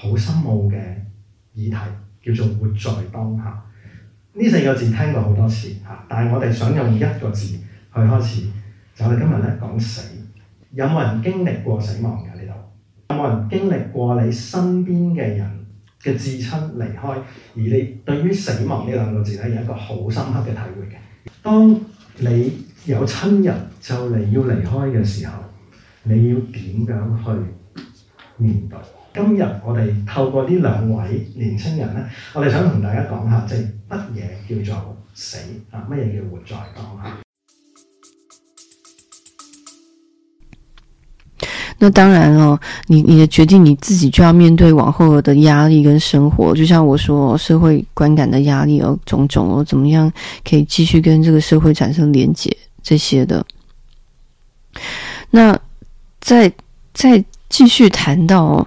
好深奧嘅議題叫做活在當下，呢四個字聽過好多次，但係我哋想用一個字去開始，就我哋今日咧講死，有冇人經歷過死亡㗎？呢度有冇人經歷過你身邊嘅人嘅至親離開，而你對於死亡呢兩個字咧有一個好深刻嘅體會嘅？當你有親人就嚟要離開嘅時候，你要點樣去面對？今日我哋透過呢兩位年輕人呢，我哋想同大家講下，即係乜嘢叫做死啊？乜嘢叫活在講下。那當然咯、哦，你你嘅決定你自己就要面對往後嘅壓力跟生活，就像我說社會觀感嘅壓力有種種，我怎麼樣可以繼續跟這個社會產生連結這些的？那再再繼續談到、哦。